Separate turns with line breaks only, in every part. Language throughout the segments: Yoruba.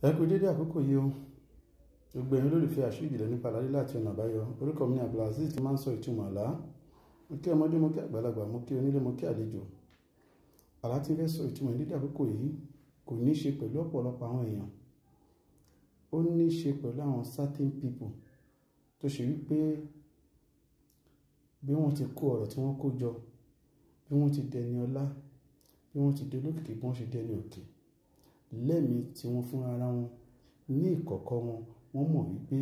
ẹ kú dédé àkókò yìí o gbogbo ẹ̀yin olólùfẹ́ àṣù ìjìnlẹ̀ nípa àlá lílá àti ọ̀nà àbáyọ orúkọ mi ní Abdulaziz ti máa ń sọ ìtumọ̀ àlá mo kí ọmọdé mo kí àgbàlagbà mo kí onílé mo kí àlejò àlá tí fẹ́ sọ ìtumọ̀ ìdídé àkókò yìí kò ní í ṣe pẹ̀lú ọ̀pọ̀lọpọ̀ àwọn èèyàn ó ní í ṣe pẹ̀lú àwọn certain people tó ṣe wípé bí wọ́n ti kó ọ̀rọ̀ tí wọ́n kó jọ bí wọ́n ti dẹni ọlá bí wọ́n ti dolókìkí bí wọ́n ṣe dẹni òkè. Okay lẹ́mìí tí wọ́n fún ara wọn ní ìkọ̀kọ̀ wọn wọ́n mọ̀ wípé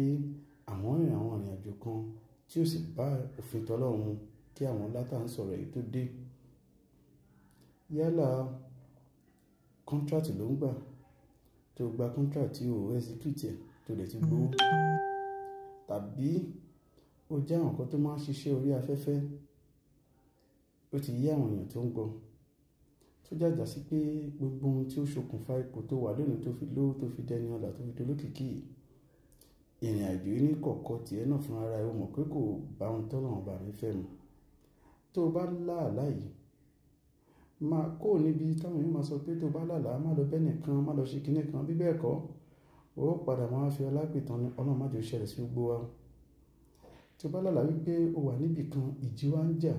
àwọn rìn àwọn ìrìn àjò kan tí ó sì bá òfin tọ́lọ́run kí àwọn látà ń sọ̀rọ̀ èyí tó dé yálà kọ́ńtrátì ló ń gbà tó gba kọ́ńtrátì tí ò execute ẹ̀ tó dẹ̀ ti gbowó tàbí ó jẹ́ àwọn kan tó máa ń ṣiṣẹ́ orí afẹ́fẹ́ ó ti yí àwọn èèyàn tó ń gbọ́ tó jàjà sí pé gbogbo ohun tí ó ṣokùnfà ipò tó wà lónìí tó fi lówó tó fi dẹni ọlà tó fi dolókìkí ìrìn àjò yìí ní kọ̀ọ̀kọ́ tiẹ̀ náà fúnra ara ẹ̀ ó mọ̀ pé kò bá ohun tọ́lọ́run bá mi fẹ́ mu tó o bá láàlá yìí máa kó níbi táwọn yóò máa sọ pé tó o bá láàlá má lọ bẹ́ẹ̀ nìkan má lọ ṣe kinní kan bí bẹ́ẹ̀ kọ́ ó padà máa fi alápìtàn ni ọlọ́run má jò ṣẹlẹ̀ sí gbogbo wa tó o bá láàlá wípé o wà níbì kan ìjì wa ń jà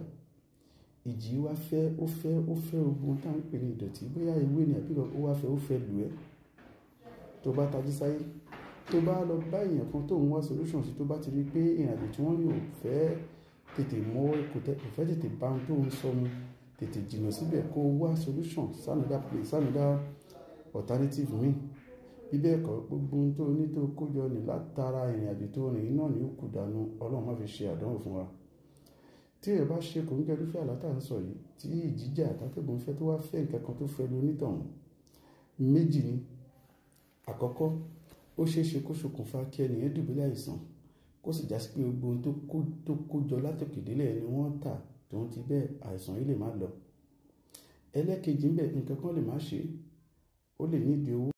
ìjì wá fẹ́ ó fẹ́ ó fẹ́ ogun tá à ń pè ní ìdọ̀tí bóyá ewé ni àbí ó wá fẹ́ ó fẹ́ lù ẹ́ tó bá tají sáyé tó bá lọ bá èèyàn kan tó ń wá solution sí tó bá ti rí pé ìrìnàjò tí wọ́n yóò fẹ́ tètè mọ́ kò fẹ́ tètè bá ohun tó ń sọ mu tètè jìnnà síbẹ̀ kó wá solution sánúdá play sánúdá alternative mi bíbẹ́ ẹ̀kọ́ gbogbo ohun tó ní tó kójọ ní látara ìrìnàjò tó rìn iná ní òkú dànù ọlọ́run má fi ṣe àdánwò fún wa tí èèyàn bá ṣe kò ń gẹ irúfẹ́ àlá tá à ń sọ yìí tí ìjìjà àtàkùn fẹ́ tó wá fẹ́ nǹkan kan tó fẹ́ lu onítọ̀hún méjì ni àkọ́kọ́ ó ṣeé ṣe kó ṣokùnfà kí ẹnìyẹn dùbúlẹ̀ àìsàn kó sì jásí pé gbogbo ohun tó kó jọ látòkèdélẹ̀ ni wọ́n tà tóun ti bẹ́ẹ̀ àìsàn yìí lè má lọ ẹlẹ́kejì ń bẹ nǹkan kan lè má ṣe ó lè nídìí owó.